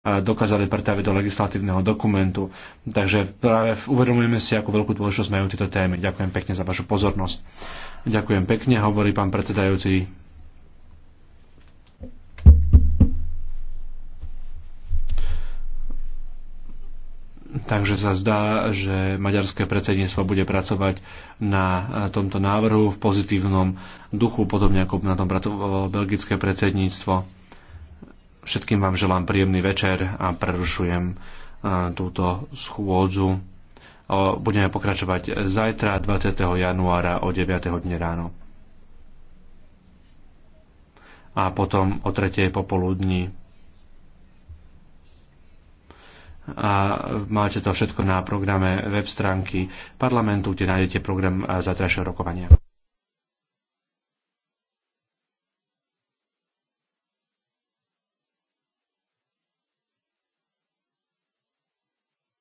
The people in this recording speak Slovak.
dokázali pretaviť do legislatívneho dokumentu. Takže práve uvedomujeme si, akú veľkú dôležitosť majú tieto témy. Ďakujem pekne za vašu pozornosť. Ďakujem pekne, hovorí pán predsedajúci. Takže sa zdá, že maďarské predsedníctvo bude pracovať na tomto návrhu v pozitívnom duchu, podobne ako na tom belgické predsedníctvo Všetkým vám želám príjemný večer a prerušujem e, túto schôdzu. E, budeme pokračovať zajtra 20. januára o 9. dne ráno. A potom o 3. popoludní. A máte to všetko na programe web stránky parlamentu, kde nájdete program e, zajtrajšieho rokovania.